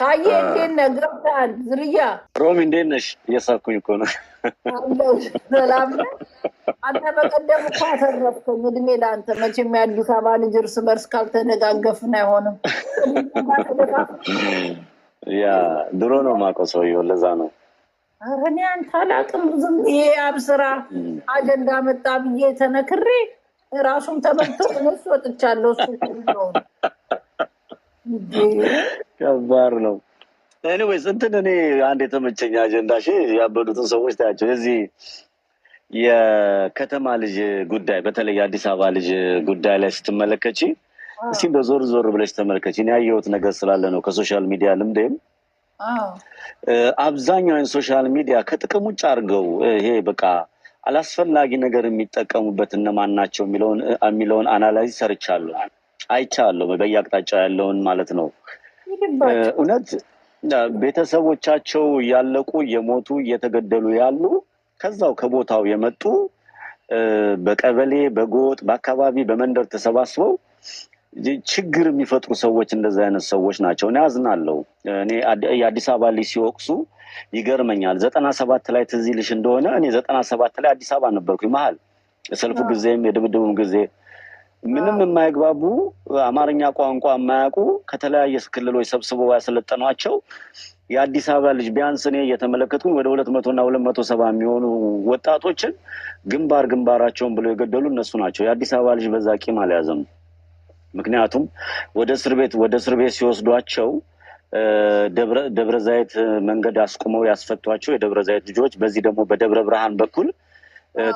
ታዬ እንዴት ነህ? ገብተሃል? ዝርያ ሮሚ እንዴት ነሽ? እየሳኩኝ እኮ ነው። ሰላም አንተ በቀደም እኮ አተረፍከኝ። እድሜ ለአንተ። መቼም የአዲስ አበባ ልጅ እርስ በርስ ካልተደጋገፍን አይሆንም። ያ ድሮ ነው የማውቀው ሰውዬው፣ ለዛ ነው። ኧረ እኔ አንተ አላውቅም። ዝም ይሄ አብስራ አጀንዳ መጣ ብዬ ተነክሬ ራሱም ተመልቶ እነሱ ወጥቻለሁ እሱ ነው ከባድ ነው። ኤኒዌይስ እንትን እኔ አንድ የተመቸኝ አጀንዳ ሺ ያበዱትን ሰዎች ታያቸው። የዚህ የከተማ ልጅ ጉዳይ በተለይ የአዲስ አበባ ልጅ ጉዳይ ላይ ስትመለከች እስኪ በዞር ዞር ብለሽ ተመልከች። እኔ ያየሁት ነገር ስላለ ነው ከሶሻል ሚዲያ ልምዴም አብዛኛውን ሶሻል ሚዲያ ከጥቅም ውጭ አድርገው ይሄ በቃ አላስፈላጊ ነገር የሚጠቀሙበት እነማን ናቸው የሚለውን አናላይዝ ሰርቻለሁ አይቻለሁ። በየአቅጣጫ ያለውን ማለት ነው እውነት ቤተሰቦቻቸው ያለቁ የሞቱ እየተገደሉ ያሉ ከዛው ከቦታው የመጡ በቀበሌ በጎጥ በአካባቢ በመንደር ተሰባስበው ችግር የሚፈጥሩ ሰዎች እንደዚህ አይነት ሰዎች ናቸው። እኔ አዝናለሁ። እኔ የአዲስ አበባ ልጅ ሲወቅሱ ይገርመኛል። ዘጠና ሰባት ላይ ትዝ ይልሽ እንደሆነ እኔ ዘጠና ሰባት ላይ አዲስ አበባ ነበርኩኝ መሀል የሰልፉ ጊዜም የድብድቡም ጊዜ ምንም የማይግባቡ አማርኛ ቋንቋ የማያውቁ ከተለያየ ክልሎች ሰብስቦ ያሰለጠኗቸው የአዲስ አበባ ልጅ ቢያንስ እኔ እየተመለከትኩኝ ወደ ሁለት መቶ እና ሁለት መቶ ሰባ የሚሆኑ ወጣቶችን ግንባር ግንባራቸውን ብለው የገደሉ እነሱ ናቸው። የአዲስ አበባ ልጅ በዛ ቂም አልያዘም። ምክንያቱም ወደ እስር ቤት ወደ እስር ቤት ሲወስዷቸው ደብረ ዘይት መንገድ አስቁመው ያስፈቷቸው የደብረ ዘይት ልጆች በዚህ ደግሞ በደብረ ብርሃን በኩል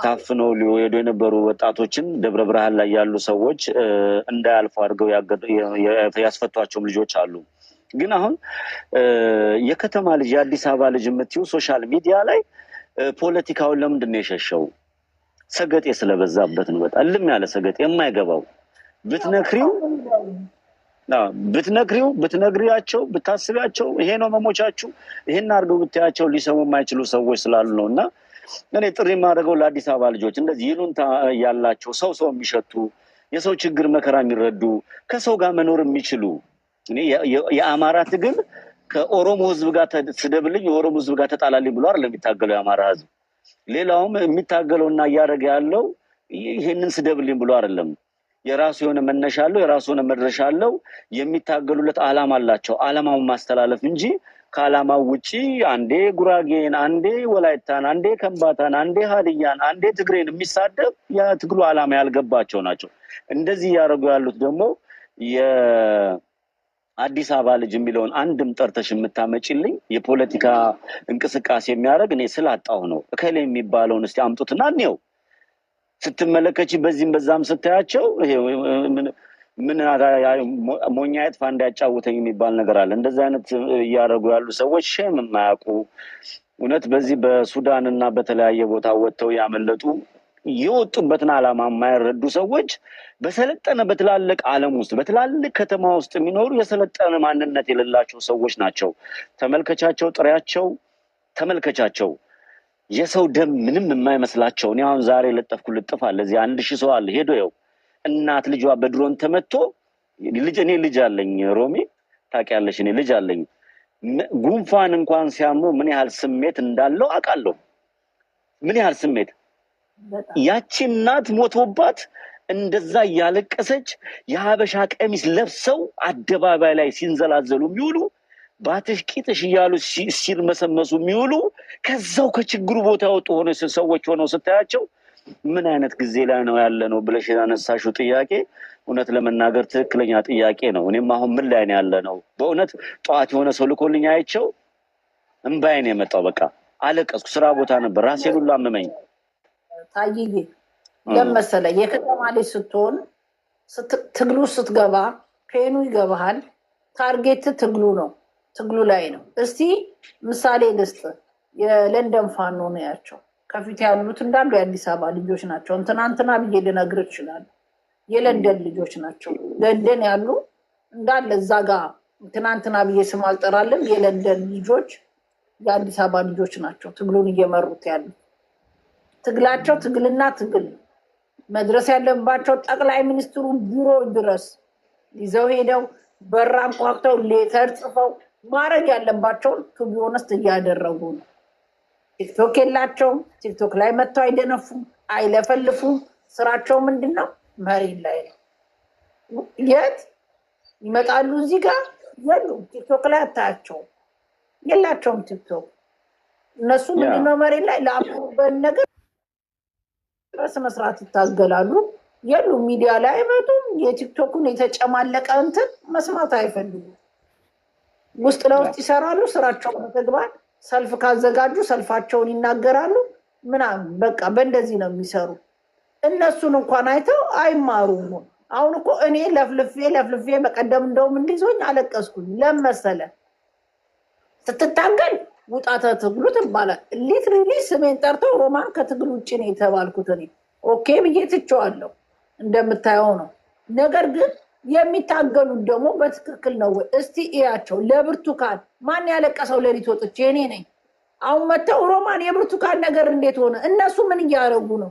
ታፍነው ሊሄዱ የነበሩ ወጣቶችን ደብረ ብርሃን ላይ ያሉ ሰዎች እንዳያልፉ አድርገው ያስፈቷቸውም ልጆች አሉ። ግን አሁን የከተማ ልጅ የአዲስ አበባ ልጅ የምትይው ሶሻል ሚዲያ ላይ ፖለቲካውን ለምንድን ነው የሸሸው? ሰገጤ ስለበዛበት ነው። በጣም ልም ያለ ሰገጤ የማይገባው ብትነክሪው ብትነግሪው ብትነግሪያቸው ብታስቢያቸው ይሄ ነው መሞቻችሁ፣ ይሄን አድርገው ብታያቸው ሊሰሙ የማይችሉ ሰዎች ስላሉ ነው እና እኔ ጥሪ የማደርገው ለአዲስ አበባ ልጆች እንደዚህ ይሉንታ ያላቸው ሰው ሰው የሚሸቱ የሰው ችግር መከራ የሚረዱ ከሰው ጋር መኖር የሚችሉ እኔ የአማራ ትግል ከኦሮሞ ህዝብ ጋር ስደብልኝ የኦሮሞ ህዝብ ጋር ተጣላልኝ ብሎ አይደለም የሚታገለው የአማራ ህዝብ። ሌላውም የሚታገለውና እያደረገ ያለው ይሄንን ስደብልኝ ብሎ አይደለም። የራሱ የሆነ መነሻ አለው፣ የራሱ የሆነ መድረሻ አለው። የሚታገሉለት አላማ አላቸው። አላማውን ማስተላለፍ እንጂ ከዓላማው ውጭ አንዴ ጉራጌን፣ አንዴ ወላይታን፣ አንዴ ከምባታን፣ አንዴ ሀዲያን፣ አንዴ ትግሬን የሚሳደብ የትግሉ ዓላማ ያልገባቸው ናቸው። እንደዚህ እያደረጉ ያሉት ደግሞ የአዲስ አበባ ልጅ የሚለውን አንድም ጠርተሽ የምታመጭልኝ የፖለቲካ እንቅስቃሴ የሚያደርግ እኔ ስላጣሁ ነው። እከሌ የሚባለውን እስቲ አምጡትና እንየው ስትመለከች በዚህም በዛም ስታያቸው ምን ሞኛ የጥፋ እንዲያጫውተኝ የሚባል ነገር አለ። እንደዚህ አይነት እያደረጉ ያሉ ሰዎች ሽም የማያውቁ እውነት በዚህ በሱዳን እና በተለያየ ቦታ ወጥተው ያመለጡ የወጡበትን ዓላማ የማይረዱ ሰዎች በሰለጠነ በትላልቅ ዓለም ውስጥ በትላልቅ ከተማ ውስጥ የሚኖሩ የሰለጠነ ማንነት የሌላቸው ሰዎች ናቸው። ተመልከቻቸው፣ ጥሪያቸው፣ ተመልከቻቸው የሰው ደም ምንም የማይመስላቸው። እኔ አሁን ዛሬ ለጠፍኩ ልጥፍ አለ እዚህ አንድ ሺህ ሰው አለ ሄዶ ይኸው እናት ልጇ በድሮን ተመቶ ልጅ እኔ ልጅ አለኝ ሮሚ ታውቂያለሽ፣ እኔ ልጅ አለኝ። ጉንፋን እንኳን ሲያሙ ምን ያህል ስሜት እንዳለው አውቃለሁ። ምን ያህል ስሜት ያቺ እናት ሞቶባት እንደዛ እያለቀሰች የሀበሻ ቀሚስ ለብሰው አደባባይ ላይ ሲንዘላዘሉ የሚውሉ ባትሽ ቂጥሽ እያሉ ሲርመሰመሱ የሚውሉ ከዛው ከችግሩ ቦታ ወጡ ሆነ ሰዎች ሆነው ስታያቸው ምን አይነት ጊዜ ላይ ነው ያለ ነው ብለሽ ያነሳሽው ጥያቄ እውነት ለመናገር ትክክለኛ ጥያቄ ነው። እኔም አሁን ምን ላይ ነው ያለ ነው በእውነት ጠዋት የሆነ ሰው ልኮልኝ አይቸው እምባዬን የመጣው በቃ አለቀስኩ። ስራ ቦታ ነበር ራሴን ሁሉ አመመኝ። ታይዬ ለመሰለኝ የከተማ ልጅ ስትሆን ትግሉ ስትገባ ፔኑ ይገባሃል። ታርጌት ትግሉ ነው፣ ትግሉ ላይ ነው። እስቲ ምሳሌ ልስጥ። የለንደን ፋኖ ነው ያቸው ከፊት ያሉት እንዳሉ የአዲስ አበባ ልጆች ናቸው። እንትናንትና ብዬ ልነግር ይችላል። የለንደን ልጆች ናቸው። ለንደን ያሉ እንዳለ እዛ ጋር ትናንትና ብዬ ስም አልጠራለን። የለንደን ልጆች የአዲስ አበባ ልጆች ናቸው ትግሉን እየመሩት ያሉ። ትግላቸው ትግልና ትግል መድረስ ያለባቸው ጠቅላይ ሚኒስትሩ ቢሮ ድረስ ይዘው ሄደው በራን ቋቅተው ሌተር ጽፈው ማድረግ ያለባቸውን ቱቢዮነስት እያደረጉ ነው። ቲክቶክ የላቸውም። ቲክቶክ ላይ መጥተው አይደነፉም፣ አይለፈልፉም። ስራቸው ምንድን ነው? መሬት ላይ ነው። የት ይመጣሉ? እዚህ ጋር የሉም። ቲክቶክ ላይ አታያቸውም፣ የላቸውም ቲክቶክ። እነሱ ምንድን ነው? መሬት ላይ ለአምሩበን ነገር ስነስርዓት ይታገላሉ። የሉም፣ ሚዲያ ላይ አይመጡም። የቲክቶኩን የተጨማለቀ እንትን መስማት አይፈልጉም። ውስጥ ለውስጥ ይሰራሉ ስራቸው በተግባር ሰልፍ ካዘጋጁ ሰልፋቸውን ይናገራሉ ምናምን በቃ በእንደዚህ ነው የሚሰሩ። እነሱን እንኳን አይተው አይማሩም። አሁን እኮ እኔ ለፍልፌ ለፍልፌ መቀደም እንደውም እንዲዞኝ አለቀስኩኝ። ለመሰለ ስትታገል ውጣተ ትግሉ ትባላል። ሊትሪሊ ስሜን ጠርተው ሮማን ከትግል ውጭ ነው የተባልኩት እኔ ኦኬ ብዬ ትቼዋለሁ። እንደምታየው ነው። ነገር ግን የሚታገሉት ደግሞ በትክክል ነው እስቲ እያቸው። ለብርቱካን ማን ያለቀሰው? ሌሊት ወጥቼ እኔ ነኝ። አሁን መጥተው ሮማን የብርቱካን ነገር እንዴት ሆነ? እነሱ ምን እያደረጉ ነው?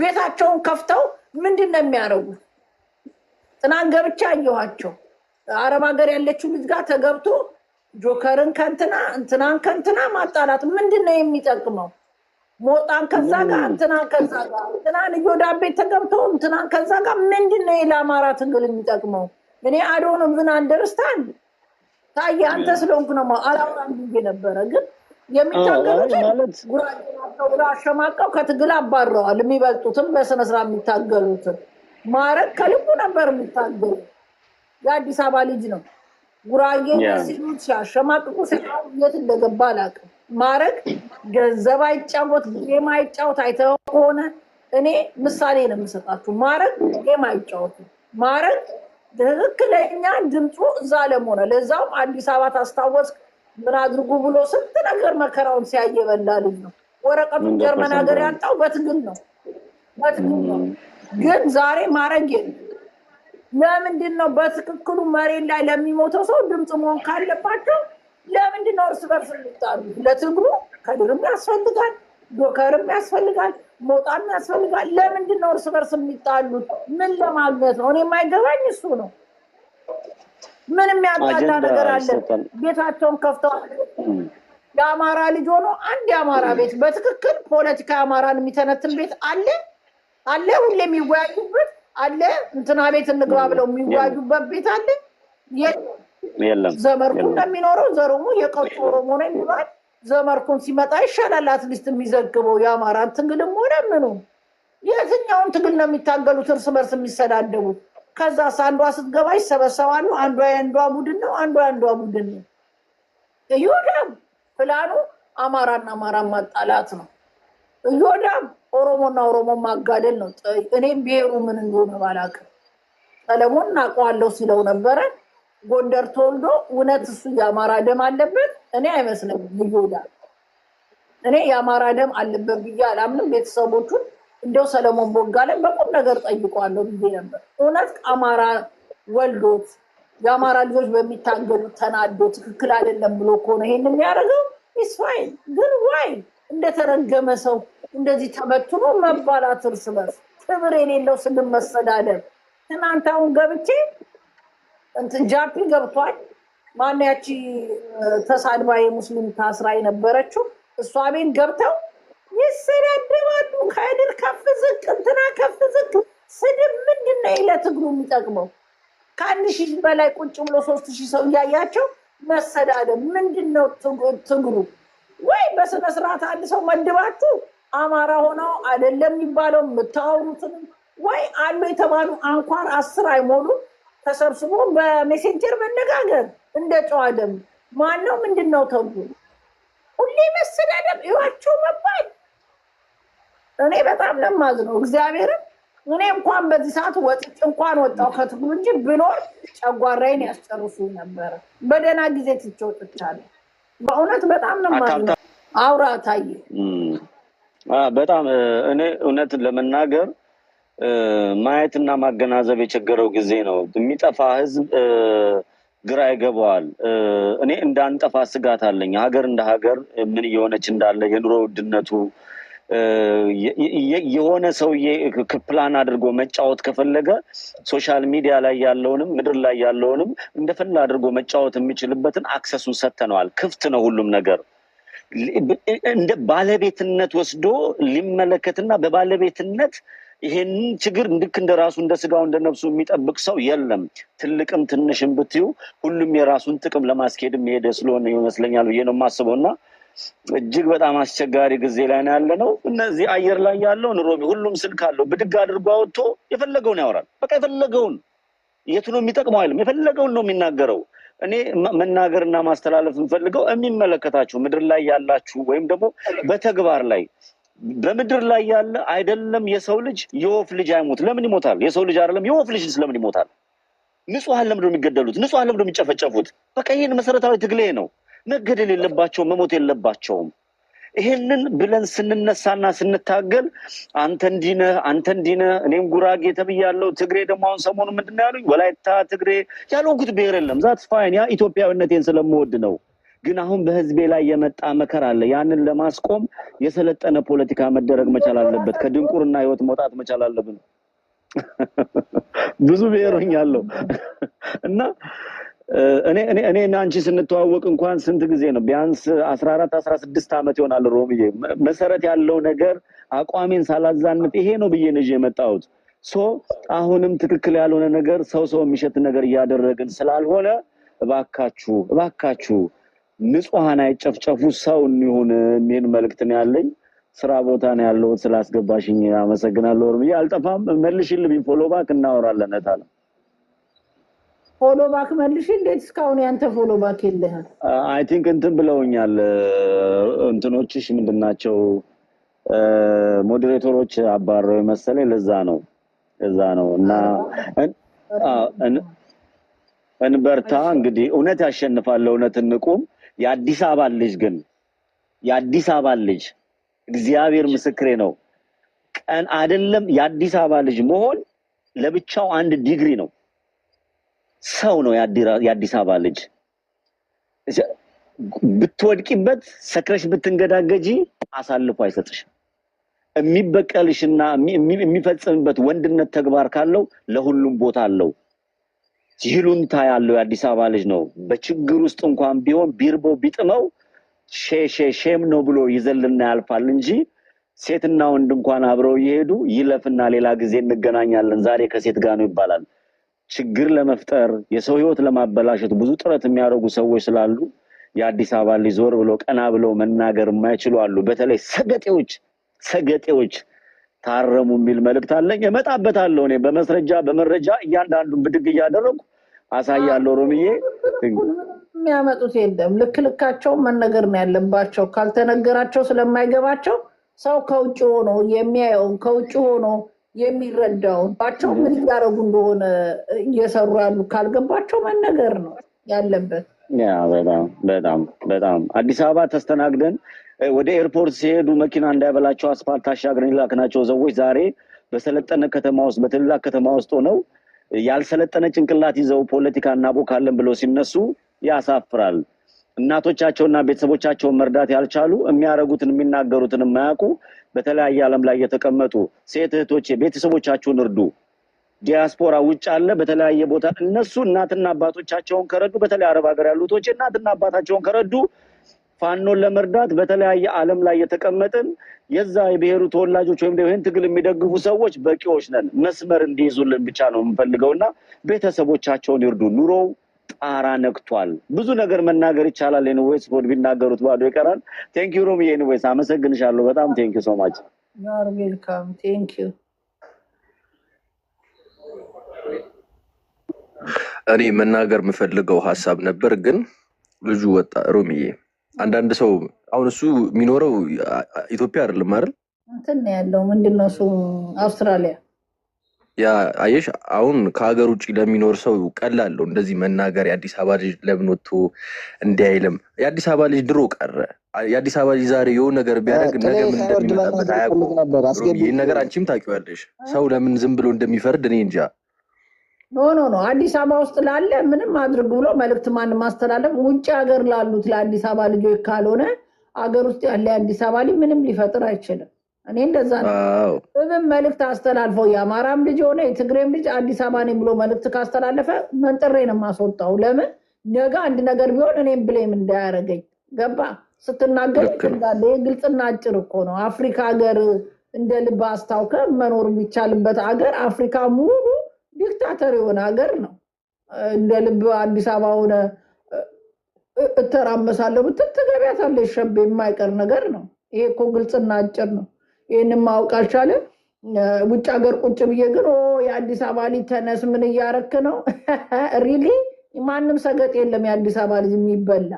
ቤታቸውን ከፍተው ምንድን ነው የሚያደረጉ? ጥናን ገብቻ አየኋቸው። አረብ ሀገር ያለችው ልጅ ጋር ተገብቶ ጆከርን ከንትና እንትናን ከንትና ማጣላት ምንድን ነው የሚጠቅመው? ሞጣን ከዛ ጋር እንትናን ከዛ ጋር እንትናን እዮዳብ ቤት ተገብቶ እንትናን ከዛ ጋር ምንድን ነው ለአማራ ትግል የሚጠቅመው? እኔ አዶን ብን አንደርስታንድ ታየ አንተ ስለሆንኩ ነው አላውራም ብዬ ነበረ። ግን የሚታገሉት ጉራጌናቸው ብሎ አሸማቀው ከትግል አባረዋል። የሚበልጡትም በስነስርዓት የሚታገሉትን ማረግ ከልቡ ነበር የሚታገሉ የአዲስ አበባ ልጅ ነው። ጉራጌ ሲሉት ሲያሸማቅቁ ሲሁ የት እንደገባ አላውቅም። ማድረግ ገንዘብ አይጫወት ጌም አይጫወት። አይተኸው ከሆነ እኔ ምሳሌ ነው የምሰጣችሁ። ማድረግ ጌም አይጫወት ማድረግ ትክክለኛ ድምፁ እዛ ለመሆነ ለዛውም አዲስ አበባ ታስታወስ ምን አድርጉ ብሎ ስንት ነገር መከራውን ሲያየ በላ ልጅ ነው። ወረቀቱን ጀርመን ሀገር ያጣው በትግል ነው በትግል ነው። ግን ዛሬ ማድረግ የለ ለምንድን ነው በትክክሉ መሬት ላይ ለሚሞተው ሰው ድምፅ መሆን ካለባቸው ለምንድን ነው እርስ በርስ የሚጣሉ? ለትግሩ ከድርም ያስፈልጋል፣ ዶከርም ያስፈልጋል፣ ሞጣም ያስፈልጋል። ለምንድን ነው እርስ በርስ የሚጣሉት? ምን ለማግኘት ነው? እኔ የማይገባኝ እሱ ነው። ምን የሚያጣላ ነገር አለ? ቤታቸውን ከፍተው የአማራ ልጅ ሆኖ አንድ የአማራ ቤት በትክክል ፖለቲካ የአማራን የሚተነትን ቤት አለ አለ ሁሌ የሚወያዩበት አለ እንትና ቤት እንግባ ብለው የሚወያዩበት ቤት አለ የለም ዘመርኩ እንደሚኖረው ዘሩሙ የቀጡ ኦሮሞ ነው የሚባል ዘመርኩን ሲመጣ ይሻላል። አትሊስት የሚዘግበው የአማራን ትግልም ሆነ ምኑ የትኛውን ትግል ነው የሚታገሉት? እርስ በርስ የሚሰዳደቡት። ከዛስ አንዷ ስትገባ ይሰበሰባሉ። አንዷ የአንዷ ቡድን ነው፣ አንዷ የአንዷ ቡድን ነው። እዮዳም ፕላኑ አማራና አማራን ማጣላት ነው። እዮዳም ኦሮሞና ኦሮሞ ማጋደል ነው። እኔም ብሔሩ ምን እንደሆነ ባላውቅም ሰለሞን እናውቀዋለሁ ሲለው ነበረ። ጎንደር ተወልዶ እውነት እሱ የአማራ ደም አለበት? እኔ አይመስለም ይጎዳ እኔ የአማራ ደም አለበት ብዬ አላምንም። ቤተሰቦቹን እንደው ሰለሞን ቦጋለን በቁም ነገር ጠይቋለሁ ብዬ ነበር። እውነት አማራ ወልዶት የአማራ ልጆች በሚታገሉት ተናዶ ትክክል አይደለም ብሎ ከሆነ ይሄን የሚያደርገው ኢስራኤል ግን ዋይ እንደተረገመ ሰው እንደዚህ ተበትኖ መባላት እርስ በርስ ክብር የሌለው ስንመሰዳለን። መሰዳደብ ትናንት አሁን ገብቼ እንትን ጃፒ ገብቷል። ማን ያቺ ተሳድባ የሙስሊም ታስራ የነበረችው እሷ ቤት ገብተው ይሰዳደባሉ። ከድር ከፍ ዝቅ እንትና ከፍ ዝቅ ስድብ ምንድን ነው ለትግሉ የሚጠቅመው? ከአንድ ሺህ በላይ ቁጭ ብሎ ሶስት ሺህ ሰው እያያቸው መሰዳደብ ምንድን ነው ትግሩ? ወይ በስነ ስርዓት አንድ ሰው መድባችሁ አማራ ሆነው አይደለም የሚባለው የምታወሩትን ወይ አሉ የተባሉ አንኳር አስር አይሞሉም ተሰብስቦ በሜሴንጀር መነጋገር እንደ ጨዋ ደም ማነው ምንድን ነው ተብሎ ሁሌ መሰዳደብ እዩዋቸው መባል እኔ በጣም ለማዝ ነው እግዚአብሔርም እኔ እንኳን በዚህ ሰዓት ወጥቼ እንኳን ወጣው ከትግሉ እንጂ ብኖር ጨጓራይን ያስጨርሱ ነበረ። በደህና ጊዜ ትቼ ወጥቻለሁ። በእውነት በጣም ለማዝ ነው። አውራ ታየ በጣም እኔ እውነትን ለመናገር ማየትና ማገናዘብ የቸገረው ጊዜ ነው። የሚጠፋ ህዝብ ግራ ይገባዋል። እኔ እንዳንጠፋ ስጋት አለኝ። ሀገር እንደ ሀገር ምን እየሆነች እንዳለ የኑሮ ውድነቱ የሆነ ሰውዬ ፕላን አድርጎ መጫወት ከፈለገ ሶሻል ሚዲያ ላይ ያለውንም ምድር ላይ ያለውንም እንደፈላ አድርጎ መጫወት የሚችልበትን አክሰሱን ሰጥተነዋል። ክፍት ነው ሁሉም ነገር እንደ ባለቤትነት ወስዶ ሊመለከትና በባለቤትነት ይሄን ችግር ልክ እንደ ራሱ እንደ ስጋው እንደ ነብሱ የሚጠብቅ ሰው የለም። ትልቅም ትንሽም ብትዩ ሁሉም የራሱን ጥቅም ለማስኬድ የሄደ ስለሆነ ይመስለኛል ብዬ ነው የማስበው እና እጅግ በጣም አስቸጋሪ ጊዜ ላይ ነው ያለ ነው። እነዚህ አየር ላይ ያለው ሮቢ ሁሉም ስልክ አለው ብድግ አድርጎ አወጥቶ የፈለገውን ያወራል። በቃ የፈለገውን የቱ ነው የሚጠቅመው አይልም። የፈለገውን ነው የሚናገረው። እኔ መናገርና ማስተላለፍ የምፈልገው የሚመለከታችሁ ምድር ላይ ያላችሁ ወይም ደግሞ በተግባር ላይ በምድር ላይ ያለ አይደለም የሰው ልጅ የወፍ ልጅ አይሞት። ለምን ይሞታል? የሰው ልጅ አይደለም የወፍ ልጅ ስለምን ይሞታል? ንጹሐን ለምንድን ነው የሚገደሉት? ንጹሐን ለምንድን ነው የሚጨፈጨፉት? በቃ ይህን መሰረታዊ ትግሌ ነው። መገደል የለባቸውም መሞት የለባቸውም። ይህንን ብለን ስንነሳና ስንታገል አንተ እንዲነ አንተ እንዲነ እኔም ጉራጌ ተብያለሁ። ትግሬ ደግሞ አሁን ሰሞኑ ምንድን ነው ያሉኝ? ወላይታ ትግሬ ያልሆንኩት ብሔር የለም። ዛት ፋይን ያ ኢትዮጵያዊነቴን ስለምወድ ነው። ግን አሁን በህዝቤ ላይ የመጣ መከራ አለ። ያንን ለማስቆም የሰለጠነ ፖለቲካ መደረግ መቻል አለበት። ከድንቁርና ህይወት መውጣት መቻል አለብን። ብዙ ብሔሮኝ አለው እና እኔ እኔ እና አንቺ ስንተዋወቅ እንኳን ስንት ጊዜ ነው? ቢያንስ አስራ አራት አስራ ስድስት ዓመት ይሆናል። ሮምዬ መሰረት ያለው ነገር አቋሜን ሳላዛነት ይሄ ነው ብዬ ነዥ የመጣሁት። ሶ አሁንም ትክክል ያልሆነ ነገር ሰው ሰው የሚሸት ነገር እያደረግን ስላልሆነ እባካችሁ እባካችሁ ንጹሐን አይጨፍጨፉ፣ ሰው እንሁን የሚል መልእክት ነው ያለኝ። ስራ ቦታ ነው ያለሁት። ስላስገባሽኝ አመሰግናለሁ። ርም አልጠፋም፣ መልሽልኝ። ፎሎባክ እናወራለን። ታለ ፎሎባክ መልሽ። እንዴት እስካሁን ያንተ ፎሎባክ የለህ? አይ ቲንክ እንትን ብለውኛል እንትኖችሽ ምንድናቸው ሞዴሬተሮች አባረው መሰለኝ። ለዛ ነው እዛ ነው እና እንበርታ እንግዲህ እውነት ያሸንፋል። እውነት እንቁም። የአዲስ አበባ ልጅ ግን የአዲስ አበባ ልጅ እግዚአብሔር ምስክሬ ነው። ቀን አይደለም የአዲስ አበባ ልጅ መሆን ለብቻው አንድ ዲግሪ ነው። ሰው ነው የአዲስ አበባ ልጅ። ብትወድቂበት ሰክረሽ ብትንገዳገጂ አሳልፎ አይሰጥሽም። የሚበቀልሽና የሚፈጽምበት ወንድነት ተግባር ካለው ለሁሉም ቦታ አለው። ይሉንታ ያለው የአዲስ አበባ ልጅ ነው። በችግር ውስጥ እንኳን ቢሆን ቢርቦ ቢጥመው ሼሼ ሼም ነው ብሎ ይዘልና ያልፋል እንጂ ሴትና ወንድ እንኳን አብረው እየሄዱ ይለፍና ሌላ ጊዜ እንገናኛለን፣ ዛሬ ከሴት ጋር ነው ይባላል። ችግር ለመፍጠር የሰው ህይወት ለማበላሸት ብዙ ጥረት የሚያደርጉ ሰዎች ስላሉ የአዲስ አበባ ልጅ ዞር ብሎ ቀና ብለው መናገር የማይችሉ አሉ። በተለይ ሰገጤዎች ሰገጤዎች ታረሙ የሚል መልእክት አለኝ። እመጣበታለሁ። እኔ በመስረጃ በመረጃ እያንዳንዱን ብድግ እያደረጉ አሳያለሁ። ሮምዬ የሚያመጡት የለም። ልክ ልካቸውን መነገር ነው ያለባቸው። ካልተነገራቸው ስለማይገባቸው ሰው ከውጭ ሆኖ የሚያየውን ከውጭ ሆኖ የሚረዳውን ባቸው ምን እያደረጉ እንደሆነ እየሰሩ ያሉ ካልገባቸው መነገር ነው ያለበት። በጣም በጣም በጣም አዲስ አበባ ተስተናግደን ወደ ኤርፖርት ሲሄዱ መኪና እንዳይበላቸው አስፓልት አሻግረን የላክናቸው ሰዎች ዛሬ በሰለጠነ ከተማ ውስጥ በትላቅ ከተማ ውስጥ ሆነው ያልሰለጠነ ጭንቅላት ይዘው ፖለቲካ እናቦካለን ብለው ሲነሱ ያሳፍራል። እናቶቻቸውና ቤተሰቦቻቸውን መርዳት ያልቻሉ የሚያደርጉትን የሚናገሩትን የማያውቁ በተለያየ ዓለም ላይ የተቀመጡ ሴት እህቶቼ ቤተሰቦቻችሁን እርዱ። ዲያስፖራ ውጭ አለ፣ በተለያየ ቦታ እነሱ እናትና አባቶቻቸውን ከረዱ፣ በተለይ አረብ ሀገር ያሉቶች እናትና አባታቸውን ከረዱ ፋኖን ለመርዳት በተለያየ ዓለም ላይ የተቀመጥን የዛ የብሔሩ ተወላጆች ወይም ይህን ትግል የሚደግፉ ሰዎች በቂዎች ነን። መስመር እንዲይዙልን ብቻ ነው የምንፈልገው እና ቤተሰቦቻቸውን ይርዱ። ኑሮው ጣራ ነክቷል። ብዙ ነገር መናገር ይቻላል። ኤኒዌይስ ቦድ ቢናገሩት ባዶ ይቀራል። ቴንኪዩ ሮሚ ኤኒዌይስ አመሰግንሻለሁ በጣም ቴንኪዩ ሶማች ዌልካም ቴንኪዩ እኔ መናገር የምፈልገው ሀሳብ ነበር፣ ግን ልጁ ወጣ። ሮሚዬ አንዳንድ ሰው አሁን እሱ የሚኖረው ኢትዮጵያ አይደለም አይደል? እንትን ያለው ምንድነው እሱ አውስትራሊያ። ያ አየሽ፣ አሁን ከሀገር ውጭ ለሚኖር ሰው ቀላለው እንደዚህ መናገር። የአዲስ አበባ ልጅ ለምን ወጥቶ እንዲህ አይልም? የአዲስ አበባ ልጅ ድሮ ቀረ። የአዲስ አበባ ልጅ ዛሬ የሆነ ነገር ቢያደርግ ነገ ምን እንደሚመጣበት አያውቁም። ይህን ነገር አንቺም ታውቂዋለሽ። ሰው ለምን ዝም ብሎ እንደሚፈርድ እኔ እንጃ። ኖ ኖ ኖ አዲስ አበባ ውስጥ ላለ ምንም አድርግ ብሎ መልእክት ማንም ማስተላለፍ ውጭ ሀገር ላሉት ለአዲስ አበባ ልጆች ካልሆነ አገር ውስጥ ያለ አዲስ አበባ ል ምንም ሊፈጥር አይችልም። እኔ እንደዛ ነው። ምንም መልእክት አስተላልፈው የአማራም ልጅ ሆነ የትግሬም ልጅ አዲስ አበባ ነኝ ብሎ መልእክት ካስተላለፈ መንጥሬ ነው የማስወጣው። ለምን ነገ አንድ ነገር ቢሆን እኔም ብሌም እንዳያደርገኝ ገባ። ስትናገር እንዳለ ግልጽና አጭር እኮ ነው። አፍሪካ ሀገር እንደ ልብ አስታውከ መኖር የሚቻልበት ሀገር አፍሪካ ሙሉ ዲክታተር የሆነ ሀገር ነው። እንደ ልብ አዲስ አበባ ሆነ እተራመሳለሁ ብትል ትገቢያታለሽ። ሸቤ የማይቀር ነገር ነው። ይሄ እኮ ግልጽና አጭር ነው። ይህን ማወቅ አልቻለ። ውጭ ሀገር ቁጭ ብዬ ግን የአዲስ አበባ ልጅ ተነስ፣ ምን እያረክ ነው? ሪሊ ማንም ሰገጥ የለም የአዲስ አበባ ልጅ የሚበላ